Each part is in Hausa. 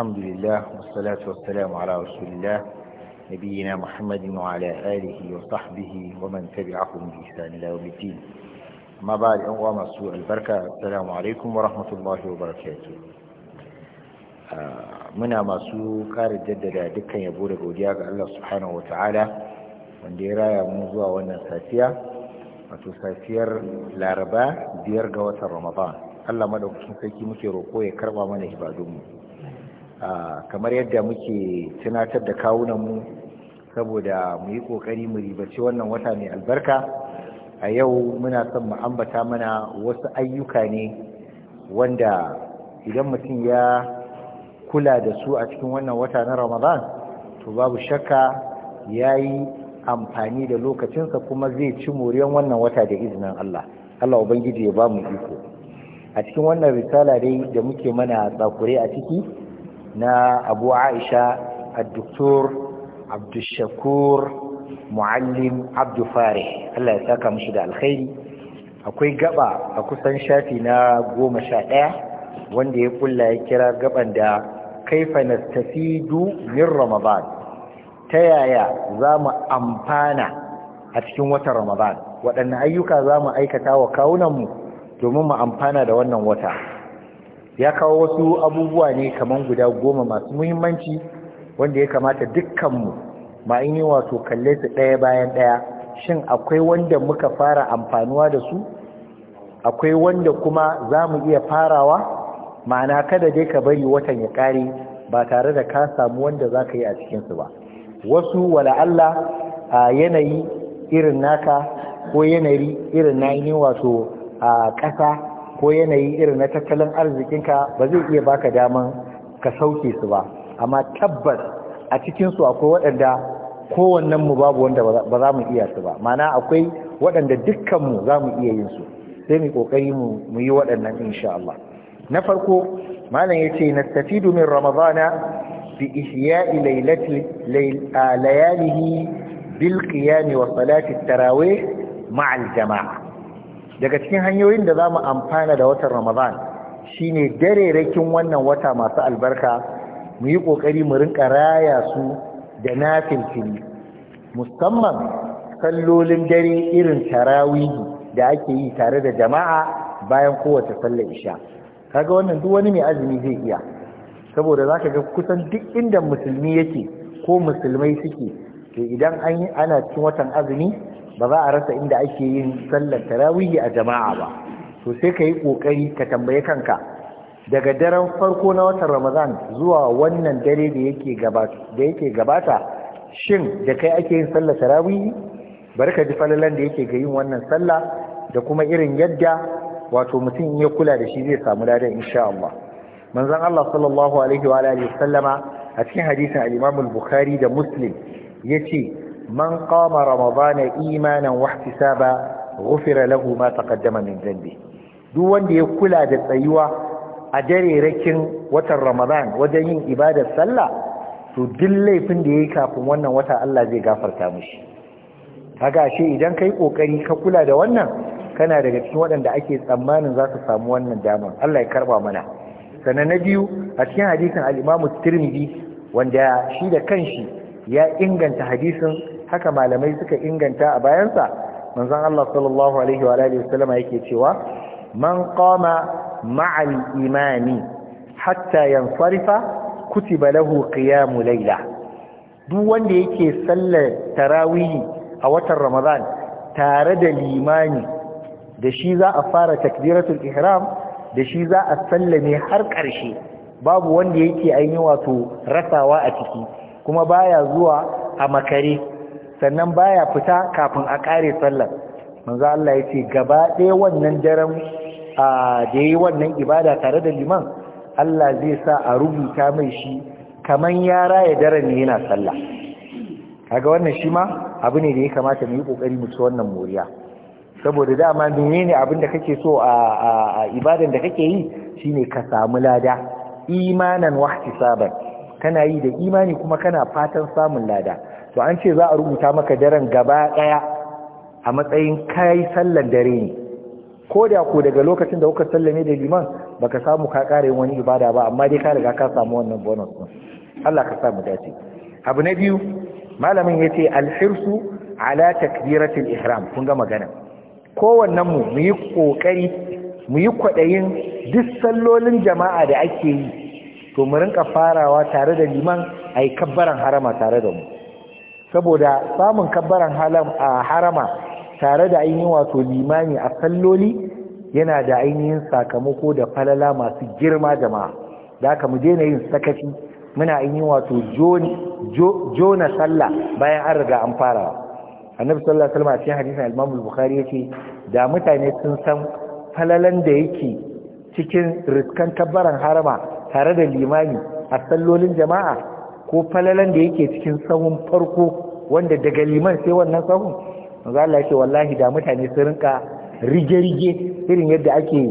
الحمد لله والصلاة والسلام على رسول الله نبينا محمد وعلى آله وصحبه ومن تبعهم بإحسان الله ومتين ما بعد أن أنواع مسوء البركة السلام عليكم ورحمة الله وبركاته آه، منا سوء كار الجدد دكا يبور قوديك الله سبحانه وتعالى وندير يا موضوع ونساسية وتساسير لاربا دير قوة رمضان الله ما لو كنت مكي رقوية كربا من إبادهم kamar yadda muke tunatar da kawunan mu saboda mu yi ƙoƙari mu ribaci wannan wata mai albarka a yau muna son mu ambata mana wasu ayyuka ne wanda idan mutum ya kula da su a cikin wannan wata na ramadan to babu shakka ya yi amfani da lokacinsa kuma zai ci moriyan wannan wata da izinin Allah Allah Ubangiji ya ba mu iko a cikin wannan risala dai da muke mana tsakure a ciki na abu aisha addoktor abdushakur muallim abdufare allah ya saka mushi da alkhairi akwai gaba a kusan shafi na goma sha ɗaya wanda ya kulla ya kira gaban da kaifa nastafidu min ramadan ta yaya za mu amfana a cikin watan ramadan waɗanne ayyuka za mu aikata wa kawunanmu domin mu amfana da wannan wata ya kawo wasu abubuwa ne kamar guda goma masu muhimmanci wanda ya kamata dukkanmu ma in yi wato kalle su ɗaya bayan ɗaya shin akwai wanda muka fara amfanuwa da su akwai wanda kuma za mu iya farawa ma'ana kada dai ka bari watan ya ƙare ba tare da ka samu wanda za ka yi a cikinsu ba wasu wala'alla a yanayi irin naka ko yanayi irin na yi wato a ƙasa ko yanayi irin na tattalin arzikinka ba zai iya baka daman ka sauke su ba amma tabbas a cikinsu akwai waɗanda kowannen mu babu wanda ba za mu iya su ba mana akwai waɗanda dukkanmu za mu iya yin su sai mu ƙoƙari mu yi waɗannan insha Allah na farko malam yace nastafidu min ramadana bi ihya'i laylati layalihi bil qiyam wa salati tarawih ma'a jama'a daga cikin hanyoyin da za mu amfana da watan ramadan shine rakin wannan wata masu albarka mu yi ƙoƙari mu rinka raya su da nafilfili musamman kallolin dare irin tarawihi da ake yi tare da jama'a bayan kowace sallar isha kaga wannan duk wani mai azumi zai iya saboda za ka ga kusan duk inda musulmi yake ko musulmai suke to idan an ana cikin watan azumi ba za a rasa inda ake yin sallar tarawihi a jama'a ba to sai ka yi ƙoƙari ka tambaye kanka daga daren farko na watan ramadan zuwa wannan dare da yake gabata da yake gabata shin da kai ake yin sallar tarawihi bari ka ji falalan da yake ga yin wannan sallah da kuma irin yadda wato mutum ya kula da shi zai samu lada insha Allah manzon Allah sallallahu alaihi wa alihi sallama a cikin hadisin al-Imam al-Bukhari da Muslim yace man qama ramadana imanan wa ihtisaba ghufira lahu ma taqaddama min dhanbi duk wanda ya kula da tsayuwa a darerakin watan ramadan wajen yin ibadar sallah to duk laifin da yayi kafin wannan wata Allah zai gafarta mashi. kaga ashe idan kai kokari ka kula da wannan kana daga cikin waɗanda ake tsammanin za su samu wannan damar Allah ya karɓa mana sannan na biyu a cikin hadisin al-Imam wanda shi da kanshi ya inganta hadisin haka malamai suka inganta a bayansa manzon Allah sallallahu alaihi wa alihi wasallama yake cewa man qama ma'al imani hatta yansarifa kuti balahu ƙiyamu Laila. duk wanda yake sallar tarawihi a watan Ramadan tare da limani da shi za a fara takbiratul ihram da shi za a sallame har ƙarshe babu wanda yake ainihin wato rasawa a ciki kuma baya zuwa a makare sannan baya fita kafin a kare sallar manzo Allah ya ce gaba ɗaya wannan daren da yi wannan ibada tare da liman Allah zai sa a rubuta mai shi kaman ya raya daren ne yana sallah kaga wannan shi ma abu ne da ya kamata mu yi kokari mu ci wannan moriya saboda dama ne abin da kake so a ibadan da kake yi shine ka samu lada imanan wahtisaban kana yi da imani kuma kana fatan samun lada to an ce za a rubuta maka daren gaba ɗaya a matsayin kai sallan dare ne ko da ku daga lokacin da kuka sallame da liman baka samu ka ƙara yin wani ibada ba amma dai ka riga ka samu wannan bonus din Allah ka sa mu dace abu na biyu malamin yace alhirsu ala takbiratul ihram kun ga magana kowannen mu mu yi kokari mu kwadayin duk sallolin jama'a da ake yi to mu rinka farawa tare da liman ai kabbaran harama tare da mu saboda samun kabbaran harama tare da ainihin wato limani a salloli yana da ainihin sakamako da falala masu girma jama'a da aka mu daina yin sakaci muna ainihin wato jona sallah bayan an riga an fara annabi sallallahu alaihi wasallam a cikin hadisin al-Imam al-Bukhari yake da mutane sun san falalan da yake cikin riskan kabbaran harama tare da limani a sallolin jama'a ko falalan da yake cikin sahun farko wanda daga liman sai wannan sahun manzo Allah ce wallahi da mutane su rinka rige-rige irin yadda ake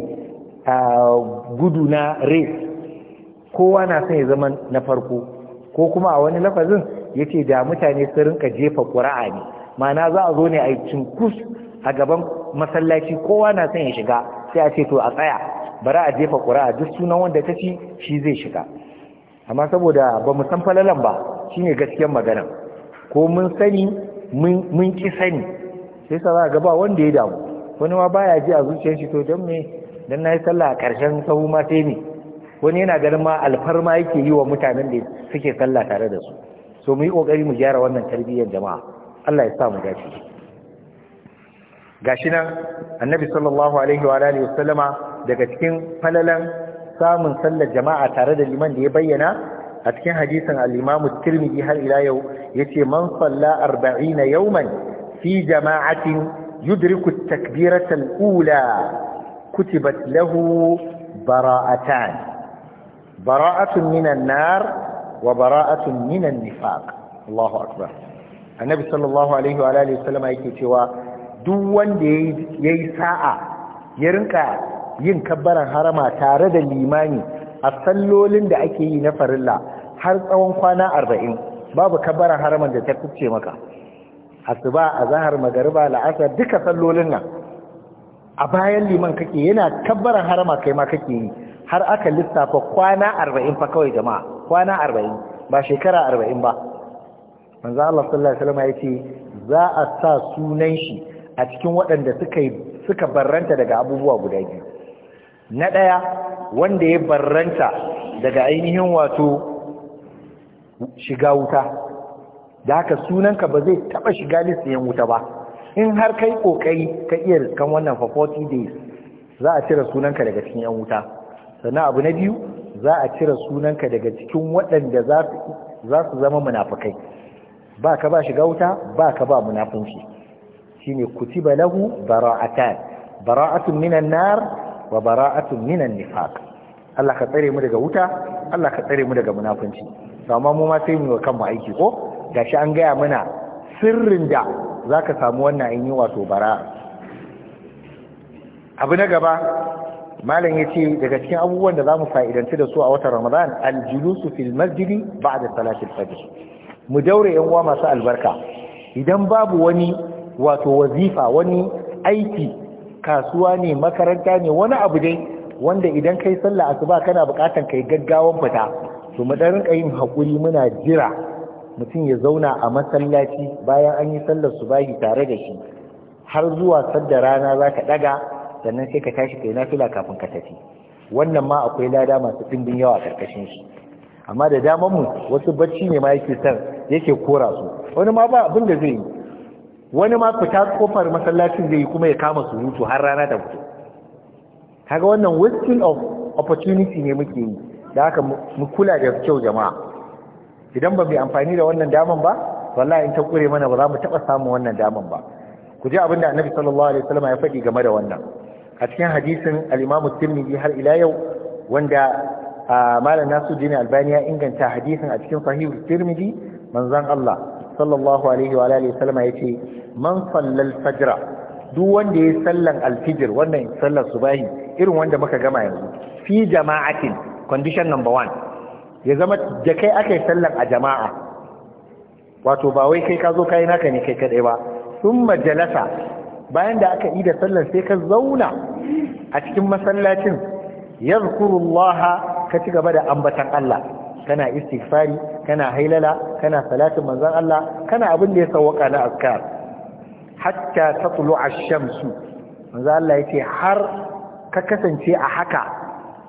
gudu na race kowa na son ya zama na farko ko kuma a wani lafazin ce da mutane su rinka jefa ƙura'a ne mana za a zo ne a yi kus a gaban masallaci kowa na son ya shiga sai a ce to a tsaya bari a jefa ƙura'a duk sunan wanda ta ci shi zai shiga amma saboda ba mu san falalan ba shi shine gaskiyar magana ko mun sani mun ki sani sai sa za a gaba wanda ya damu wani ma baya ji a zuciyar shi to don me dan nayi sallah a ƙarshen sahu ma sai ne wani yana ganin ma alfarma yake yi wa mutanen da suke salla tare da su so mu yi ƙoƙari mu gyara wannan tarbiyyar jama'a Allah ya sa mu gashi gashi nan annabi sallallahu alaihi wa alihi wasallama daga cikin falalan samun sallar jama'a tare da liman da ya bayyana a cikin hadisin al-Imam Tirmidhi har ila yau yace man salla 40 yawman fi jama'atin yudriku at-takbirata al-ula kutibat lahu bara'atan bara'atun minan nar wa bara'atun minan nifaq Allahu akbar Annabi sallallahu alaihi wa alihi wasallam yake cewa duk wanda yayi sa'a ya rinka yin kabbaran harama tare da limani a sallolin da ake yi na farilla har tsawon kwana arba'in babu kabbaran haraman da ta kuce maka asuba a zahar magariba la'asar duka sallolin nan a bayan liman kake yana kabbaran harama kai ma kake yi har aka lissafa kwana arba'in fa kawai jama'a kwana arba'in ba shekara arba'in ba manzo Allah sallallahu alaihi wasallam ya ce za a sa sunan shi a cikin waɗanda suka suka barranta daga abubuwa guda biyu na ɗaya wanda ya barranta daga ainihin wato shiga wuta da haka sunanka ba zai taɓa shiga lissayin wuta ba in har kai ƙoƙari ka iya kan wannan for 40 days za a cire sunanka daga cikin 'yan wuta sannan abu na biyu za a cire sunanka daga cikin waɗanda za su zama munafukai ba ka ba shiga wuta ba ka ba munafunci kuti ba lahu bara'atan bara'atun minan nar wa bara'atun minan nifaq Allah ka tsare mu daga wuta Allah ka tsare mu daga munafunci to amma mu ma sai mu wa kanmu aiki ko gashi an gaya mana sirrin da zaka samu wannan ainihin wato bara abu na gaba malam yace daga cikin abubuwan da zamu fa'idanci da su a watan Ramadan al-julusu fil masjidi ba'da salatil fajr mu daure yan uwa masu albarka idan babu wani wato wazifa wani aiki kasuwa ne makaranta ne wani abu dai wanda idan kai sallah asuba kana bukatan kai gaggawan fita to mu dan rinka yin hakuri muna jira mutum ya zauna a masallaci bayan an yi sallar subahi tare da shi har zuwa sadda rana zaka daga sannan sai ka tashi kai nafila kafin ka tafi wannan ma akwai lada masu dimbin yawa a karkashin shi amma da daman mu wasu bacci ne ma yake san yake kora su wani ma ba abin da zai yi wani ma fita kofar masallacin zai yi kuma ya kama su surutu har rana da fito kaga wannan wasting of opportunity ne muke yi da haka mu kula da kyau jama'a idan ba mu amfani da wannan daman ba wallahi in ta kure mana ba za mu taba samun wannan daman ba ku ji abin da annabi sallallahu alaihi wasallam ya faɗi game da wannan a cikin hadisin al-imam tirmidhi har ila yau wanda ah, malam Nasiruddin Albani ya inganta hadisin a cikin sahih tirmidhi manzon Allah sallallahu alaihi wa alihi wasallam yace man sallal fajra duk wanda yayi sallan alfijir wannan sallar subahi irin wanda muka gama yanzu fi jama'atin condition number 1 ya zama da kai yi sallan a jama'a wato ba wai kai ka zo kai naka ne kai kadai ba thumma jalasa bayan da aka yi da sallar sai ka zauna a cikin masallacin yazkurullaha ka ci gaba da ambatan Allah kana istighfari kana hailala kana salatin manzon Allah kana abin da ya sawwaka na azkar hatta tatlu ash-shamsu manzon Allah yace har ka kasance a haka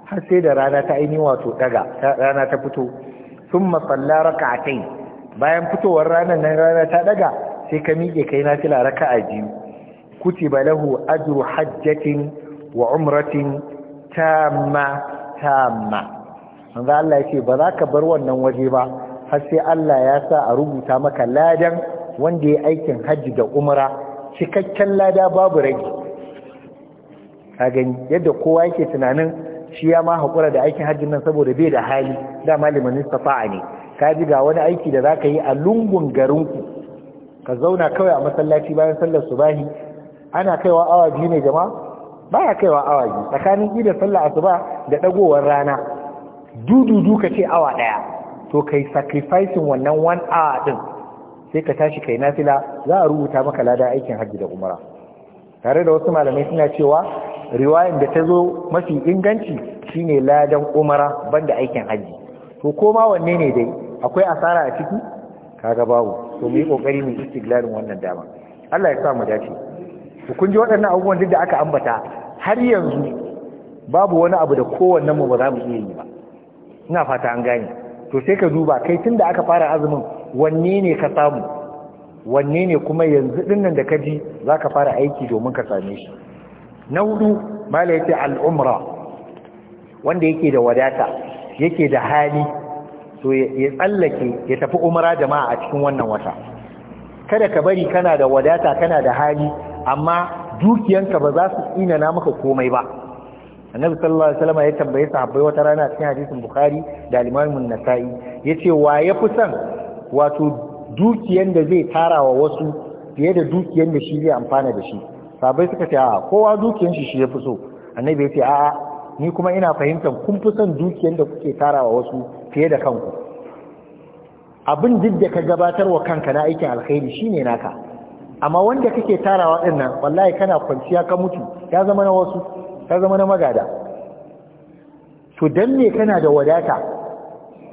har sai da rana ta aini wato daga rana ta fito thumma salla rak'atayn bayan fitowar ranar nan rana ta daga sai ka miƙe kai na fila raka'a biyu kutiba lahu ajru hajjatin wa umratin tamma tamma manzo Allah ce ba za ka bar wannan waje ba har sai Allah ya sa a rubuta maka ladan wanda ya aikin hajji da umra cikakken lada babu rage ka yadda kowa yake tunanin shi ya ma hakura da aikin hajjin nan saboda bai da hali da malamin Mustafa ne ka ji ga wani aiki da za yi a lungun garin ku. ka zauna kawai a masallaci bayan sallar subahi ana kaiwa awaji ne jama'a ba kaiwa awaji, tsakanin idan sallar asuba da ɗagowar rana dududu ka ce awa ɗaya to kai sacrificing wannan one hour ɗin sai ka tashi kai nafila za a rubuta maka lada aikin hajji da umara tare da wasu malamai suna cewa riwayan da ta zo mafi inganci shine ladan umara banda aikin hajji to koma wanne ne dai akwai asara a ciki kaga babu to mu yi kokari mu istiglalin wannan dama Allah ya sa mu dace to kun ji waɗannan abubuwan duk da aka ambata har yanzu babu wani abu da kowannen mu ba za mu iya yi ba ina fata an gane to sai ka duba kai tun da aka fara azumin wanne ne ka samu wanne ne kuma yanzu dinnan da ka ji za ka fara aiki domin ka same shi na hudu mala ce al'umra wanda yake da wadata yake da hali to ya tsallake ya tafi umra jama'a a cikin wannan wata kada ka bari kana da wadata kana da hali amma dukiyanka ba za su na maka komai ba annabi sallallahu alaihi wasallam ya tambaye sahabbai wata rana cikin hadisin bukhari da al-imam an-nasa'i yace wa ya fi son wato dukiyan da zai tara wa wasu fiye da dukiyan da shi zai amfana da shi sahabbai suka ce a kowa dukiyan shi shi ya fi so annabi ya ce a'a ni kuma ina fahimtar kun fi son dukiyan da kuke tarawa wasu fiye da kanku abin duk da ka gabatar wa kanka na aikin alkhairi shine naka amma wanda kake tarawa dinnan wallahi kana kwanciya ka mutu ya zama na wasu Ka zama na magada to dan me kana da wadata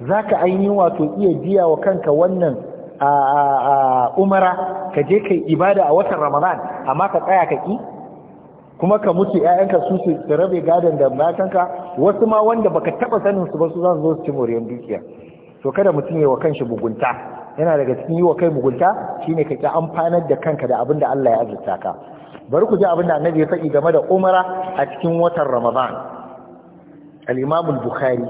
zaka ainihin wato iya biya wa kanka wannan a umara ka je kai ibada a watan ramadan amma ka tsaya ka ki kuma ka mutu ya'yanka su su rabe gadon da matanka wasu ma wanda baka taba sanin su ba su za su zo su ci moriyan dukiya to kada mutum yayi wa kanshi bugunta yana daga cikin yi wa kai mugunta ne ka ki amfanar da kanka da abin da Allah ya azurta ka bari ku ji abin da annabi ya faɗi game da umara a cikin watan ramadan al-imam al-bukhari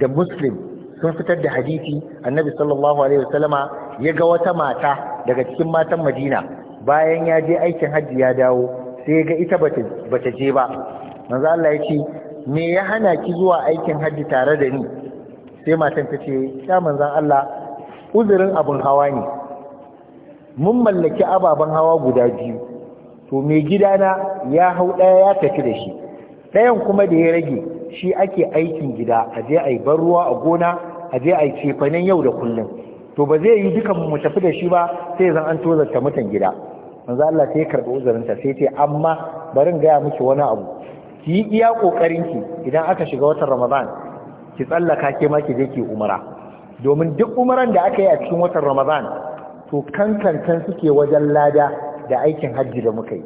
da muslim sun fitar da hadisi annabi sallallahu alaihi wasallama ya ga wata mata daga cikin matan madina bayan ya je aikin hajji ya dawo sai ya ga ita bata je ba manzo Allah ya ce me ya hana ki zuwa aikin hajji tare da ni sai matan ta ce ya manzo Allah uzurin abun hawa ne mun mallaki ababen hawa guda biyu to mai gidana ya hau ɗaya ya tafi da shi ɗayan kuma da ya rage shi ake aikin gida a je a yi ban ruwa a gona a je a yi cefanen yau da kullum to ba zai yi dukan mu tafi da shi ba sai zan an tozarta mutan gida manzo Allah sai ya karɓi uzurinta sai ce amma barin gaya miki wani abu ki yi iya kokarin ki idan aka shiga watan Ramadan ki tsallaka ke ma ki je ki umara domin duk umaran da aka yi a cikin watan Ramadan to kankantan suke wajen lada da aikin hajji da muka yi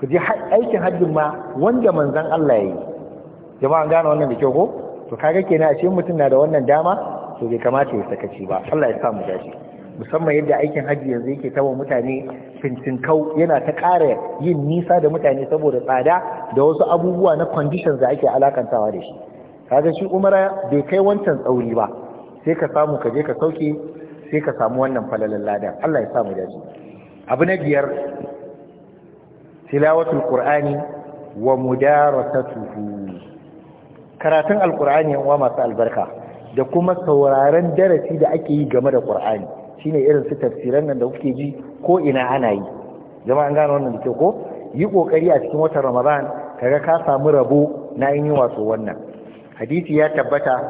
ku ji aikin hajjin ma wanda manzan Allah ya yi jama'an gane wannan da kyau ko to kaga kenan a ce mutum na da wannan dama to bai kamata ya sakaci ba Allah ya sa mu dace musamman yadda aikin hajji yanzu yake tawa mutane kau yana ta ƙara yin nisa da mutane saboda tsada da wasu abubuwa na conditions da ake alakantawa da shi kaga shi umara bai kai wancan tsauri ba sai ka samu ka je ka sauke sai ka samu wannan falalan ladan Allah ya sa mu dace abu na biyar tilawatul ƙurani wa mudarasatuhu karatun alqur'ani wa masu albarka da kuma sauraren darasi da ake yi game da ƙur'ani shine irin su tafsiran nan da kuke ji ko ina ana yi Zama an gano wannan da ko yi ƙoƙari a cikin watan ramadan kaga ka samu rabo na yin wato wannan hadisi ya tabbata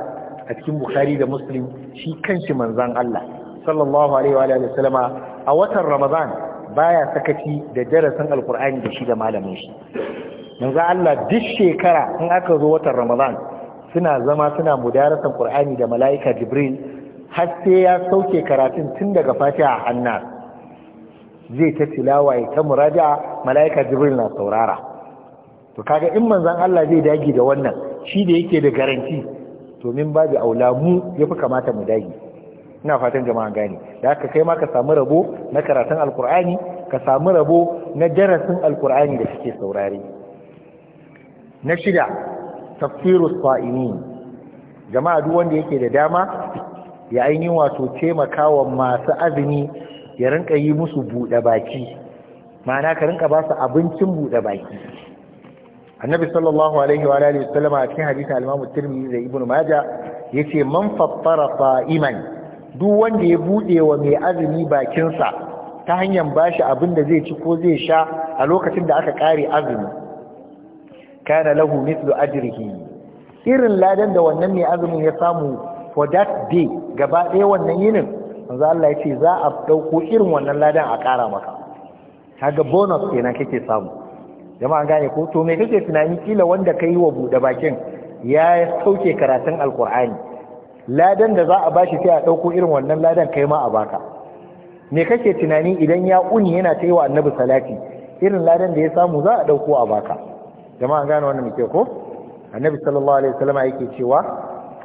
a cikin bukhari da muslim shi kanshi manzon Allah sallallahu alaihi wa alihi wasallama a watan ramadan baya sakaci da darasin alkur'ani da shi da malamin shi yanzu Allah duk shekara in aka zo watan ramadan suna zama suna mudarasan qur'ani da mala'ika jibril har sai ya sauke karatun tun daga fatiha hanna zai ta tilawa ya ta muraja mala'ika jibril na saurara to kaga in manzon Allah zai dage da wannan shi da yake da garanti to min babu aula mu yafi kamata mu dage ina fatan jama'a gane da haka kai ma ka samu rabo na karatun alkur'ani ka samu rabo na darasin alkur'ani da suke saurare na shida tafsiru sa'imin jama'a duk wanda yake da dama ya ainihin wato taimakawa masu azumi ya rinka yi musu buɗe baki ma'ana ka rinka ba su abincin buɗe baki annabi sallallahu alaihi wa alihi wasallama a cikin hadisi al-imam tirmidhi da ibnu majah yace man fattara fa'iman. duk wanda ya buɗe wa mai azumi bakinsa ta hanyar bashi abin da zai ci ko zai sha a lokacin da aka kare azumi kana lahu mithlu ajrihi irin ladan da wannan mai azumin ya samu for that day gaba ɗaya wannan yinin manzo Allah ya ce za a dauko irin wannan ladan a ƙara maka kaga bonus kenan kake samu jama'a gane ko to me kake tunani kila wanda kai wa buɗe bakin ya sauke karatun alkur'ani ladan da za a bashi sai a ɗauko irin wannan ladan kai ma a baka me kake tunani idan ya uni yana ta yi wa annabi salati irin ladan da ya samu za a ɗauko a baka jama'a gane wannan muke ko annabi sallallahu alaihi wasallam yake cewa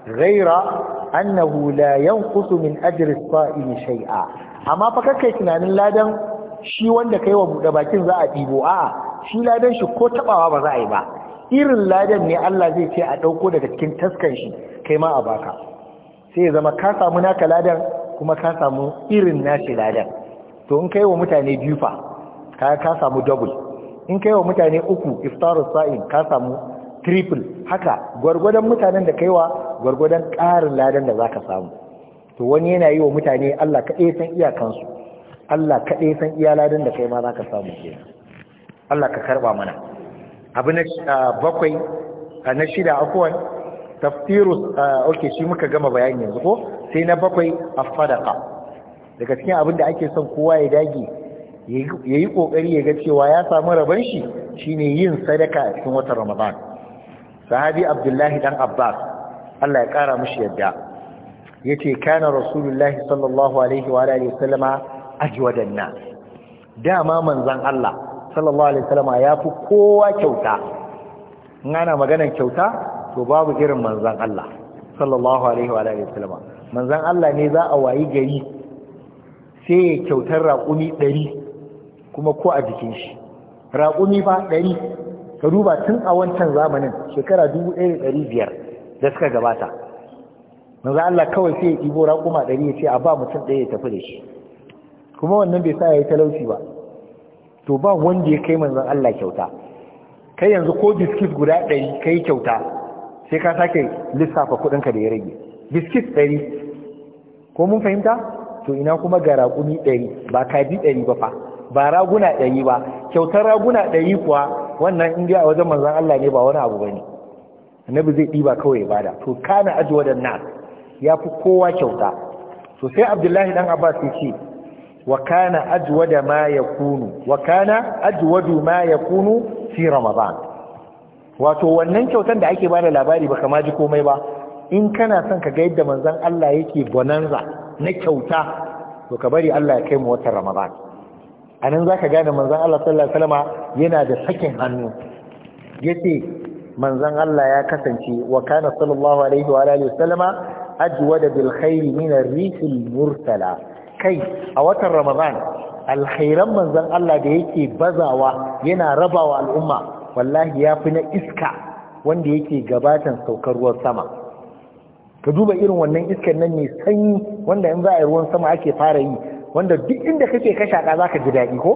ghaira annahu la yanqusu min ajri as shay'a amma fa kake tunanin ladan shi wanda kai wa buɗe bakin za a ɗibo a'a shi ladan shi ko tabawa ba za a yi ba irin ladan ne Allah zai ce a ɗauko daga cikin taskan shi kai ma a baka sai ya zama ka samu naka ladan kuma ka samu irin nashi ladan to in kai wa mutane biyu fa ka ka samu double in kai wa mutane uku iftarus sa'in ka samu triple haka gwargwadon mutanen da kaiwa gwargwadon ƙarin ladan da zaka samu to wani yana yi wa mutane Allah kaɗai san iyakansu Allah kaɗai san iya ladan da kai ma zaka samu kenan Allah ka karba mana abu na ah, bakwai ah, na shida akwai tafsirus ah, oke shi muka gama bayani yanzu ko sai na bakwai a fadaka daga cikin abin da ake son kowa ya dage yayi kokari ya ga cewa ya samu rabon shi shine yin sadaka a cikin watan Ramadan sahabi Abdullahi dan Abbas Allah ya kara mishi yadda yace kana rasulullahi sallallahu alaihi wa alihi wasallama ajwadan nas dama manzon Allah sallallahu alaihi wasallama fi kowa kyauta in ana maganar kyauta to babu irin manzan Allah sallallahu alaihi wa alihi wasallam manzan Allah ne za a wayi gari sai ya kyautar raƙumi ɗari kuma ko a jikin shi raƙumi ba ɗari ka duba tun a wancan zamanin shekara dubu da ɗari biyar da suka gabata manzan Allah kawai sai ya ɗibo raƙuma ɗari ya ce a ba mutum ɗaya ya tafi da shi kuma wannan bai sa ya yi talauci ba to ba wanda ya kai manzan Allah kyauta kai yanzu ko biskit guda ɗari ka kyauta sai ka sake lissafa kudinka da ya rage biskit ɗari ko mun fahimta to ina kuma ga raƙumi ɗari ba kaji ɗari ba fa ba raguna ɗari ba kyautar raguna ɗari kuwa wannan indiya a wajen manzan Allah ne ba wani abu ba ne annabi zai ɗiba kawai bada to kana aji nas ya fi kowa kyauta to sai abdullahi dan abbas ya ce wa kana ajwada ma kunu wa kana fi ramadan wato wannan kyautan da ake bada labari ba kama ji komai ba in kana son ka ga yadda manzon Allah yake bonanza na kyauta to ka bari Allah ya kai mu watan Ramadan anan zaka gane manzon Allah sallallahu alaihi yana da sakin hannu yace manzon Allah ya kasance wa kana sallallahu alaihi wa alihi wasallama ajwada bil khairi min ar-rihil mursala kai a watan Ramadan alkhairan manzon Allah da yake bazawa yana rabawa al'umma wallahi ya fi na iska wanda yake gabatan saukar ruwan sama ka duba irin wannan iskar nan mai sanyi wanda in za a yi ruwan sama ake fara yi wanda duk inda kake ka shaƙa za ka ji daɗi ko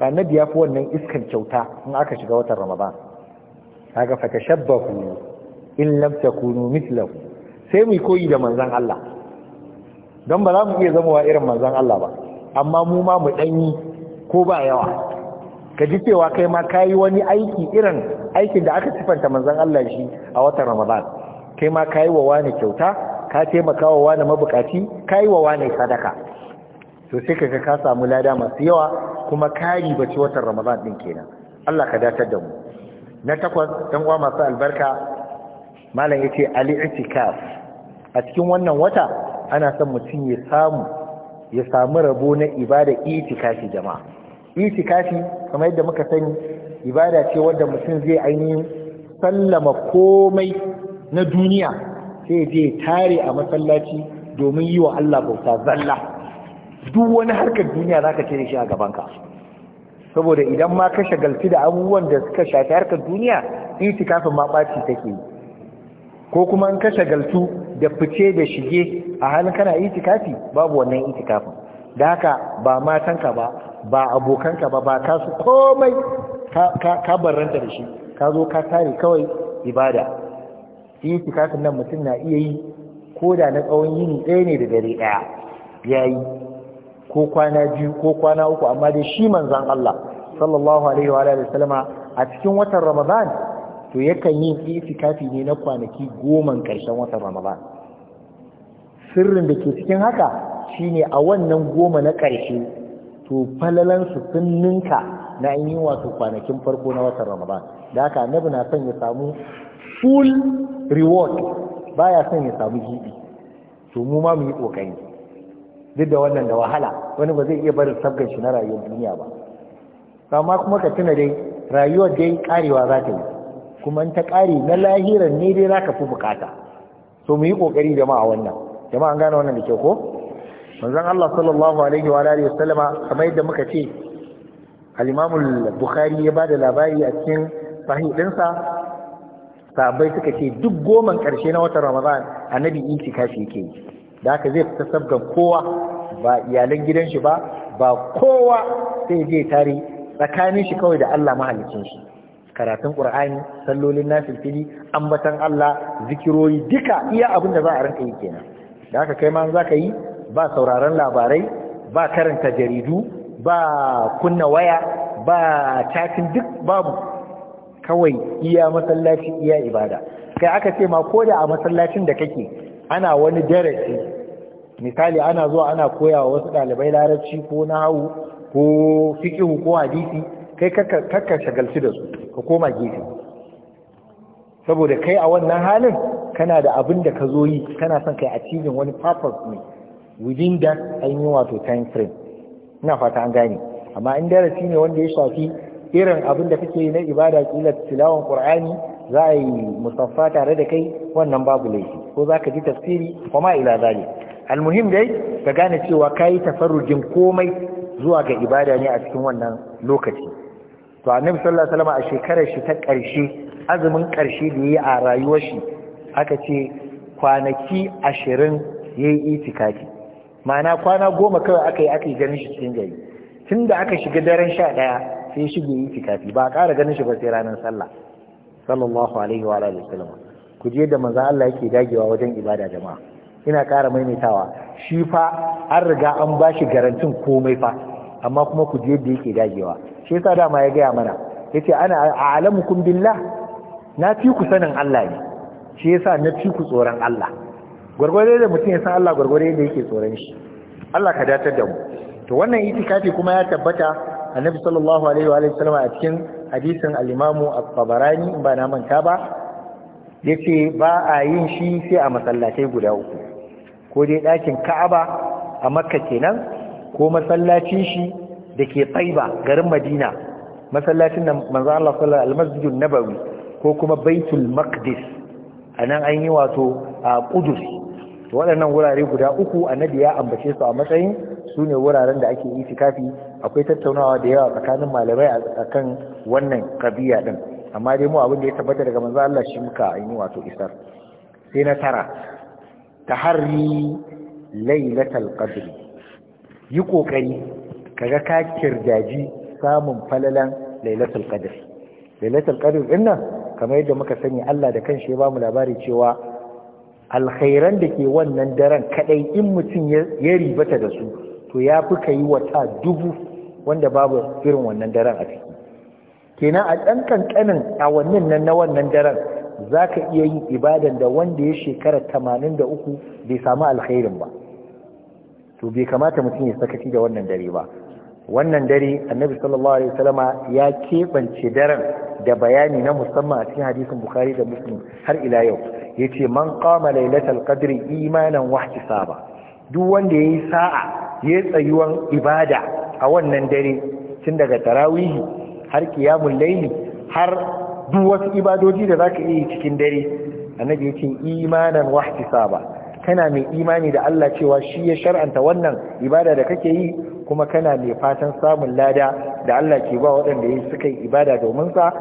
annabi ya fi wannan iskar kyauta in aka shiga watan ramadan kaga fa tashabbahu in lam takunu mithlahu sai mu koyi da manzon Allah don ba za mu iya zama wa irin manzon Allah ba amma mu ma mu danyi ko ba yawa ka ji cewa kai ma ka yi wani aiki irin aikin da aka sifanta manzan Allah shi a watan Ramadan kai ma ka yi wa wani kyauta ka taimaka wa wani mabukaci ka yi wa wani sadaka to sai kaga ka samu lada masu yawa kuma ka ribaci watan Ramadan din kenan Allah ka datar da mu na takwas dan uwa masu albarka malam yace al-i'tikaf a cikin wannan wata ana son mutum ya samu ya samu rabo na ibada itikafi jama'a itikafi kamar yadda muka sani ibada ce wadda mutum zai ainihin sallama komai na duniya sai je tare a masallaci domin yi wa Allah bauta zalla duk wani harkar duniya zaka cire shi a gabanka saboda idan ma ka shagalci da abubuwan da suka shafi harkar duniya itikafin ma ɓaci take yi ko kuma in ka shagaltu da fice da shige a halin kana itikafi babu wannan itikafin da haka ba matanka ba ba abokanka ba ba ka su komai ka barranta da shi ka zo ka tare kawai ibada yi kafin nan mutum na iya yi ko da na tsawon yini ɗaya ne da dare ɗaya ya yi ko kwana biyu ko kwana uku amma dai shi manzan Allah sallallahu alaihi wa sallama a cikin watan Ramadan to yakan yin itikafi ne na kwanaki goman ƙarshen watan Ramadan sirrin da ke cikin haka shine a wannan goma na ƙarshe to falalansu sun ninka na an yi wato kwanakin farko na watan ramadan da haka annabi na son ya samu full reward ba ya son ya samu gidi to mu ma mu yi kokari duk da wannan da wahala wani ba zai iya barin sabgan shi na rayuwar duniya ba amma kuma ka tuna dai rayuwar dai karewa za ta yi kuma in ta kare na lahiran ne dai za ka fi bukata to mu yi kokari jama'a wannan jama'a an gane wannan da kyau ko manzon Allah sallallahu alaihi wa alihi wasallama kamar yadda muka ce al bukhari ya ba da labari a cikin sahih dinsa sahabbai suka ce duk goman karshe na watan Ramadan annabi ci kashi yake yi da haka zai fita sabgan kowa ba iyalan gidan shi ba ba kowa sai je tare tsakanin shi kawai da Allah mahalicin shi karatun Qur'ani sallolin fili, ambatan Allah zikiroyi duka iya abin da za a rinka yi kenan da haka kai ma za ka yi ba sauraron labarai ba karanta jaridu ba kunna waya ba cakin duk babu kawai iya masallaci iya ibada kai aka ce ma ko da a masallacin da kake ana wani darasi misali ana zuwa ana koya wa wasu ɗalibai larabci ko nahawu ko fiqhu ko hadisi kai kakka shagalci da su ka koma gefe saboda kai a wannan halin kana da abin da ka zo yi kana son kai a cikin wani purpose ne within that ainihin wato time frame ina fata an gane amma in darasi ne wanda ya shafi irin abin da kake yi na ibada kila tilawan qur'ani za a yi musaffa tare da kai wannan babu laifi ko za ka ji tafsiri kuma ila zalik almuhim dai ka gane cewa kayi tafarrujin komai zuwa ga ibada ne a cikin wannan lokaci to annabi sallallahu alaihi wasallam a shekarar shi ta ƙarshe azumin karshe da yayi a rayuwar shi aka ce kwanaki 20 yayi itikafi ma'ana kwana goma kawai aka yi aka yi ganin shi cikin gari tun da aka shiga daren sha ɗaya sai bai yi tikafi ba a ƙara ganin shi ba sai ranar sallah sallallahu alaihi wa alihi wasallam ku je da manzo Allah yake dagewa wajen ibada jama'a ina ƙara maimaitawa shi fa an riga an ba shi garantin komai fa amma kuma ku je da yake dagewa shi yasa dama ya gaya mana yace ana a'lamukum billah na fi ku sanin Allah ne shi yasa na fi ku tsoron Allah gwargware da mutum ya san Allah gwargware da yake tsoron shi Allah ka datar da mu to wannan itikafi kuma ya tabbata annabi sallallahu alaihi wa sallama a cikin hadisin al-Imam at-Tabarani ba na manta ba yace ba a yin shi sai a masallatai guda uku ko dai dakin Ka'aba a Makka kenan ko masallaci shi dake Taiba garin Madina masallacin nan manzo Allah sallallahu alaihi al-Masjidun Nabawi ko kuma Baitul Maqdis anan an yi wato a Qudus to waɗannan wurare guda uku annabi ya ambace su a matsayin su ne wuraren da ake itikafi akwai tattaunawa da yawa tsakanin malamai a kan wannan kabiya ɗin, amma dai mu abin da ya tabbata daga manzo Allah shi muka yi wato isar sai na tara taharri lailatul qadr yi kokari kaga ka kirdaji samun falalan lailatul qadr lailatul qadr inna kamar yadda muka sani Allah da kanshi ya ba mu labari cewa alkhairan da ke wannan daren kadai in mutum ya ribata da su to ya fi ka yi wata dubu wanda babu irin wannan daren a ciki kenan a ɗan ƙanƙanin awannin nan na wannan daren za ka iya yin ibadan da wanda ya shekara tamanin da uku bai samu alkhairin ba to bai kamata mutum ya sakaci da wannan dare ba wannan dare annabi sallallahu alaihi wasallama ya keɓance daren da bayani na musamman a cikin hadisin bukhari da muslim har ila yau Ya ce man kama lailatul qadri imanan wa ihtisaba duk wanda yayi sa'a yayi tsayuwan ibada a wannan dare tun daga tarawihi har qiyamul layli har duk wasu ibadoji da zaka yi cikin dare annabi ce imanan wa ihtisaba kana mai imani da Allah cewa shi ya shar'anta wannan ibada da kake yi kuma kana mai fatan samun lada da Allah ke ba waɗanda suka yi ibada domin sa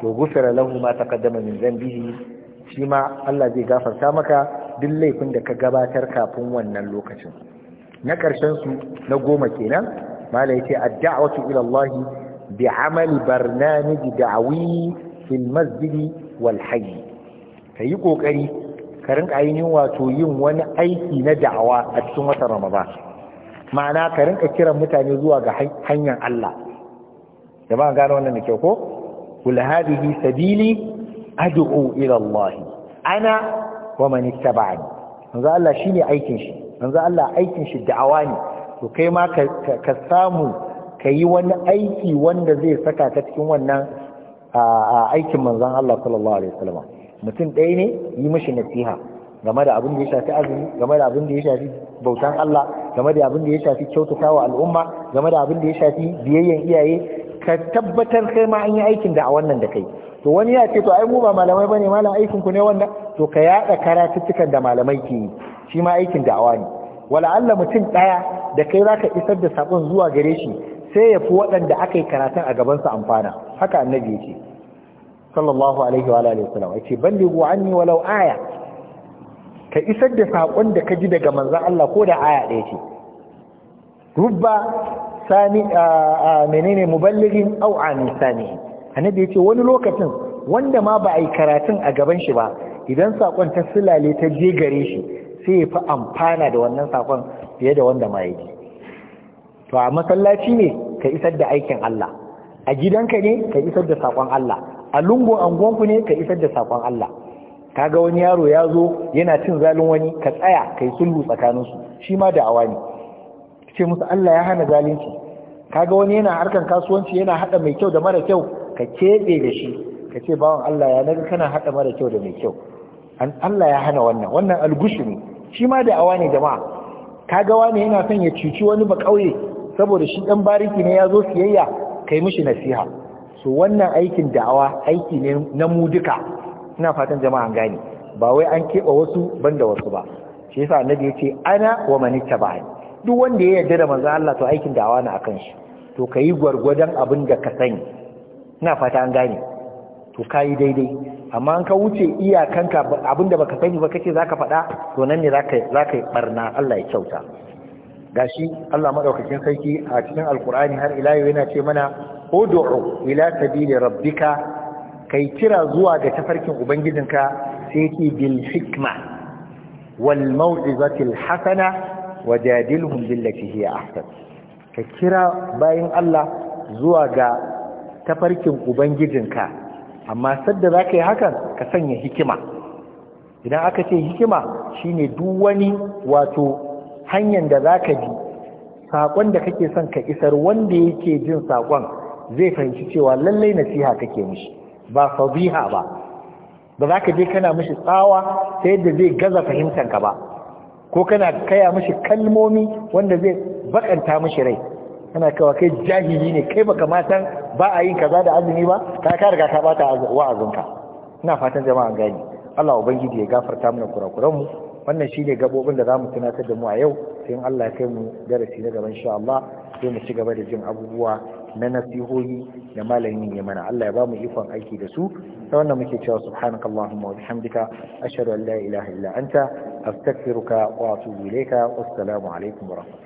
to gufira lahu ma taqaddama min zambihi shi ma Allah zai gafarta maka duk laifin da ka gabatar kafin wannan lokacin na ƙarshen su na goma kenan mala yace ad-da'watu ila Allah bi 'amali barnamij da'wi fil masjid wal hayy kayi kokari ka rinka ainihin wato yin wani aiki na da'awa a cikin watan Ramadan ma'ana ka rinka kiran mutane zuwa ga hanyar Allah Da gano wannan da kyau ko kul hadhihi sabili ad'u ila ana wa man ittaba'ani manzo Allah shine aikin shi manzo Allah aikin shi da'awa ne to kai ma ka samu kayi wani aiki wanda zai saka ka cikin wannan aikin manzon Allah mutum ɗaya ne yi mishi nasiha game da abin da ya shafi azumi game da abin da ya shafi bautan Allah game da abin da ya shafi kyautatawa al'umma game da abin da ya shafi biyayyen iyaye ka tabbatar kai ma an yi aikin da da kai to wani ya ce to ai mu ba malamai bane malam aikin ku ne wanda to ka yada karatuttukan da malamai ke yi shi ma aikin da'awa ne wala Allah mutum daya da kai zaka isar da sabon zuwa gare shi sai ya fi waɗanda aka yi karatun a gaban sa amfana haka annabi yake sallallahu alaihi wa alihi wasallam yace ballighu anni walau aya ka isar da sakon da ka ji daga manzon Allah ko da aya ɗaya ce rubba sani menene muballighin aw anisani ya ce wani lokacin wanda ma ba a yi karatun a gaban shi ba idan sakon ta silale ta je gare shi sai ya fi amfana da wannan sakon fiye da wanda ma yake to a masallaci ne ka isar da aikin Allah a gidanka ne ka isar da sakon Allah a lungun angonku ne ka isar da sakon Allah kaga wani yaro ya zo yana cin zalin wani ka tsaya kai sulhu tsakaninsu shi ma da awani ce musu Allah ya hana zalunci kaga wani yana harkan kasuwanci yana hada mai kyau da mara kyau ka keɓe da shi ka ce bawan Allah ya naga kana haɗa mara kyau da mai kyau an Allah ya hana wannan wannan algushi ne shi ma da awa ne jama'a Ka ga wani yana son ya cuci wani ba ƙauye saboda shi ɗan bariki ne ya zo siyayya kai mishi nasiha so wannan aikin da'awa aiki ne na mu duka ina fatan jama'a an gane ba wai an keɓe wasu banda wasu ba shi yasa annabi ya ce ana wa manita ba duk wanda ya yarda da manzo Allah to aikin da'awa na akan shi to kayi gwargwadon abin da ka sani ina fata an gane to kayi daidai amma an ka wuce iyakanka abinda baka sani ba kace zaka faɗa to nan ne zaka zaka yi barna Allah ya kyauta gashi Allah madaukakin sarki a cikin alkur'ani har ila yau yana ce mana ud'u ila sabili rabbika kai kira zuwa ga tafarkin ubangijinka sai yake bil hikma wal al hasana wajadilhum billati hiya ahsan ka kira bayin Allah zuwa ga tafarkin ubangijinka amma sadda za ka yi hakan ka sanya hikima idan aka ce hikima shi ne wani wato hanyar da za ka bi saƙon da kake son ka isar wanda yake jin saƙon zai fahimci cewa lallai nasiha kake mishi ba fadiha ba ba za ka je kana mishi tsawa ta yadda zai gaza fahimtanka ba ko kana kaya mishi kalmomi wanda zai bakanta mishi rai kana kawa kai jahili ne kai baka matan ba a yin kaza da azumi ba ka ka riga ka bata wa'azinka ina fatan jama'a gani Allah ubangiji ya gafarta mana kurakuran mu wannan shine gabobin da zamu tunatar da mu a yau sai in Allah ya kai mu darasi na gaban insha Allah sai mu ci gaba da jin abubuwa na nasihohi da malamin ya mana Allah ya ba mu ikon aiki da su ta wannan muke cewa subhanakallahumma wa bihamdika ashhadu an la ilaha illa anta astaghfiruka wa atubu ilayka wassalamu alaikum wa rahmatullahi